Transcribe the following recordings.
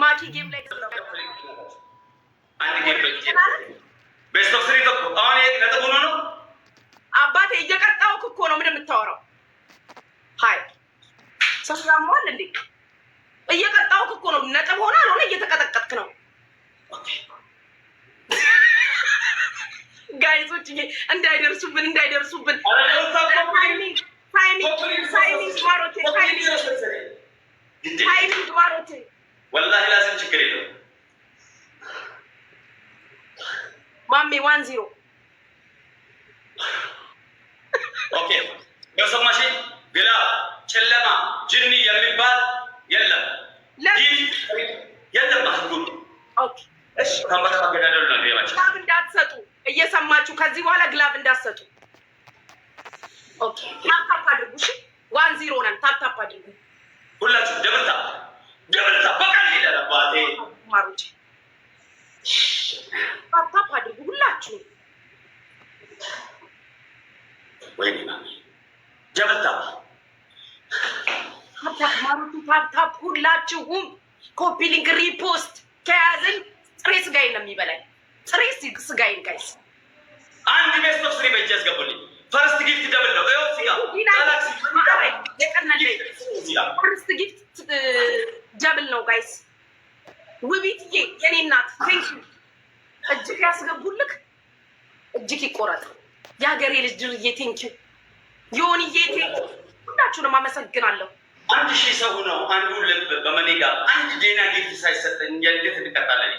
ማኪ ጌም ላይ አባቴ እየቀጣው እኮ ነው። ምን የምታወራው? ሀይ ሰፍራመዋል እንዴ? እየቀጣሁህ እኮ ነው። ነጥብ ሆና አልሆነ እየተቀጠቀጥክ ነው። ጋይዞች እንዳይደርሱብን እንዳይደርሱብን ታይሚንግ ማሮቴ ታይሚንግ ማሮቴ ወላሂ ላዚም ችግር የለው። ማሜ ዋን ዚሮ ኦኬ በሰማሽ ግላ ጨለማ ጅኒ የሚባል የለም የለም። እንዳትሰጡ እየሰማችሁ ከዚህ በኋላ ግላብ እንዳትሰጡ ዋን ዚሮ ወይኔ ጀበታ ማሩቱ ታፕታፕ ሁላችሁም ኮፒ ሊንክ ሪፖስት ከያዝን ጥሬ ስጋዬን ነው የሚበላኝ። ጥሬ ስጋዬን ጋይስ አንድ ቤስት ኦፍ ስሪ በእጅ ያስገቡልኝ። ፈርስት ጊፍት ደብል ነው ፈርስት ጊፍት ደብል ነው ጋይስ። ውቢትዬ የኔ እናት ቴንክ እጅግ ያስገቡልክ እጅግ ይቆረጥ የሀገሬ ልጅ ድርዬ ቴንኪው የሆንዬ ቴንኪው ሁላችሁንም አመሰግናለሁ። አንድ ሺህ ሰው ነው አንዱ ልብ በመኔጋ አንድ ዴና ጌት ሳይሰጠኝ እንዴት እንቀጣለን?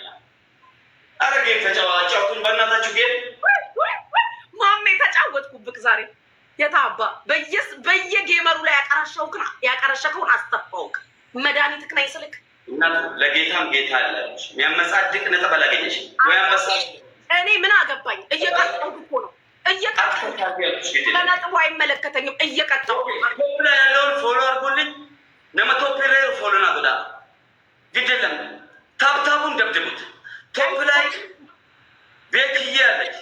አረ ጌም ተጫዋጫውቱን በእናታችሁ ጌም ማሜ ተጫወትኩብክ ዛሬ የታባ በየጌመሩ ላይ ያቀረሸከውን አስተፋውክ መድኃኒትክ ናይ ስልክ ለጌታም ጌታ አለች የሚያመጻድቅ ነጥብ አላገኘች ወይ? እኔ ምን አገባኝ እየ ለነጥቡ አይመለከተኝም። እየቀጣሁ ያለውን ፎሎ አድርጎልኝ ለመቶ ፕሌየሩ ፎሎ ናጉዳ ግድ የለም። ታብታቡን ደብድቡት። ቶፕ ላይ ቤክዬ አለች፣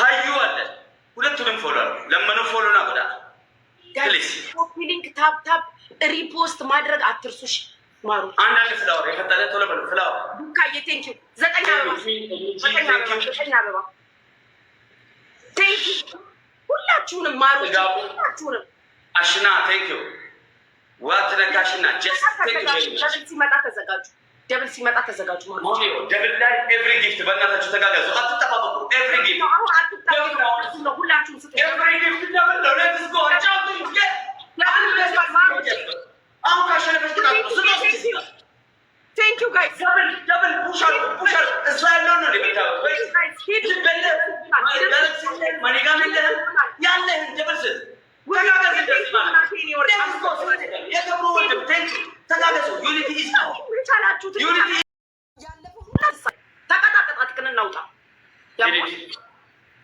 ሀዩ አለች። ሁለቱንም ፎሎ ለመኑ ፎሎ ናጉዳ ሊንክ ታብታብ ሪፖስት ማድረግ አትርሱሽ። ማሩ አንዳንድ ፍላወር የፈጠለ ቶሎ በሉ ፍላወር ቡካዬ ቴንኪው ዘጠኝ አበባ ዘጠኝ አበባ ሁላችሁንም ማሮች ሁላችሁንም አሽና ቴንክ ዩ ዋትነካ አሽና ሲመጣ ተዘጋጁ። ደብል ሲመጣ ተዘጋጁ። ደብል ላይ ኤቭሪ ጊፍት በእናታችሁ ተጋጋዙ። አትጠባበቁ። ኤቭሪ ጊፍት ሁላችሁም ስ መኒጋም የለህም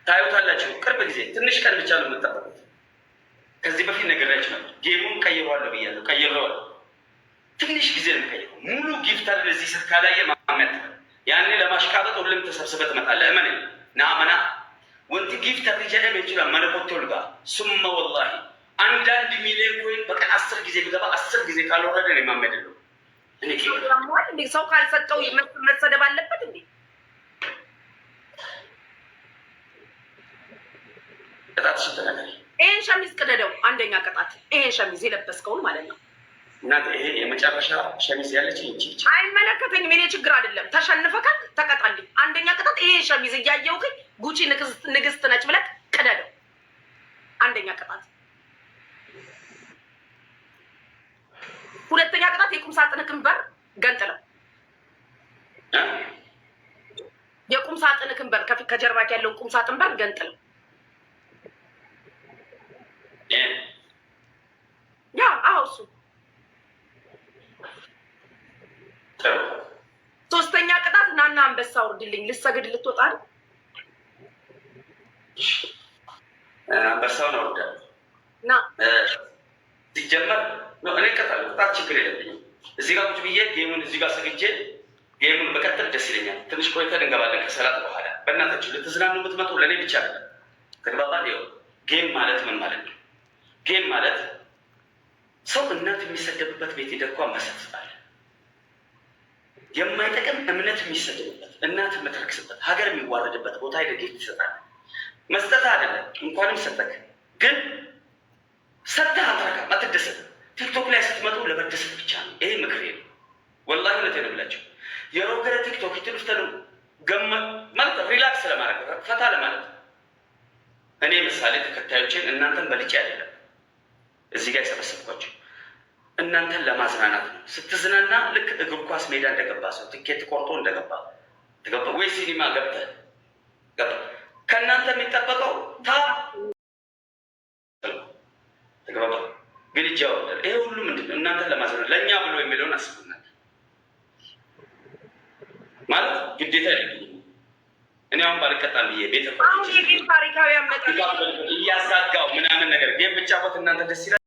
ታዩታላችሁ። ቅርብ ጊዜ ትንሽ ቀን ብቻ ነው የምጠበቁት። ከዚህ በፊት ነግሬያችሁ ነበር። ጌሙን ቀይረዋለሁ ብያለሁ። ቀይረዋለሁ። ትንሽ ጊዜ ነው የሚቀይረው። ሙሉ ጊፍታል በዚህ ስልካ ላይ የማመት ያኔ ለማሽቃበጥ ሁሉም ተሰብስበህ ትመጣለህ። እመን ናመና ወንቲ ጊፍት ተጀለም ይችላል መለኮት ወልጋ ሱመ ወላሂ አንዳንድ ሚሊዮን ኮይን በቃ አስር ጊዜ ብገባ አስር ጊዜ ካልወረደ ነው የማመድለው። ሰው ካልሰጠው መሰደብ አለበት እንዴ? ይሄን ሸሚዝ ቅደደው። አንደኛ ቅጣት ይሄን ሸሚዝ የለበስከውን ማለት ነው። እናቴ ይሄ የመጨረሻ ሸሚዝ ያለች እንጂ አይመለከተኝም። እኔ ችግር አይደለም። ተሸንፈካል፣ ተቀጣልኝ። አንደኛ ቅጣት ይሄን ሸሚዝ እያየውክኝ ጉቺ ንግስት ነች ብለህ ቅደደው። አንደኛ ቅጣት። ሁለተኛ ቅጣት የቁም ሳጥንክን በር ገንጥለው። የቁም ሳጥንክን በር ከጀርባክ ያለውን ቁም ሳጥን በር ገንጥለው። ያ አሁ እሱ ሶስተኛ ቅጣት። ናና አንበሳ ውርድልኝ ልሰግድ ልትወጣ ነው አንበሳውን አወርዳለሁ ሲጀመር እኔ እቀጣለሁ። ቅጣት ችግር የለብኝም። እዚህ ጋር ቁጭ ብዬ ጌሙን እዚህ ጋር ሰግጄ ጌሙን መቀጠል ደስ ይለኛል። ትንሽ ቆይተን እንገባለን ከሰላት በኋላ። በእናታችሁ ልትዝናኑ የምትመጡ ለእኔ ብቻ አለ ው ጌም ማለት ምን ማለት ነው? ጌም ማለት ሰው እናት የሚሰደብበት ቤት የማይጠቅም እምነት የሚሰደብበት እናት የምትረክስበት ሀገር የሚዋረድበት ቦታ ሄደ ጌት ይሰጣል መስጠት አይደለም እንኳንም ሰጠክ፣ ግን ሰጠህ አትረካም፣ አትደሰት። ቲክቶክ ላይ ስትመጡ ለመደሰት ብቻ ነው። ይሄ ምክር ነው። ወላ ነት የነብላቸው የሮገረ ቲክቶክ ትንፍተን ገመ ማለት ሪላክስ ለማድረግ ፈታ ለማለት እኔ ምሳሌ ተከታዮችን እናንተን በልጭ አይደለም እዚህ ጋር የሰበሰብኳቸው እናንተን ለማዝናናት ነው። ስትዝናና ልክ እግር ኳስ ሜዳ እንደገባ ሰው ትኬት ቆርጦ እንደገባ ወይ ሲኒማ ገብተህ ገባ ከእናንተ የሚጠበቀው ታ ተግባባ ግን እጅ ይሄ ሁሉ ምንድን ነው? እናንተን ለማስረ ለእኛ ብሎ የሚለውን አስቡናል ማለት ግዴታ ይልብኝ እኔ አሁን ባልቀጣም ብዬ ቤተሰብ እያሳጋው ምናምን ነገር ግን ብቻ ቦት እናንተ ደስ ይላል።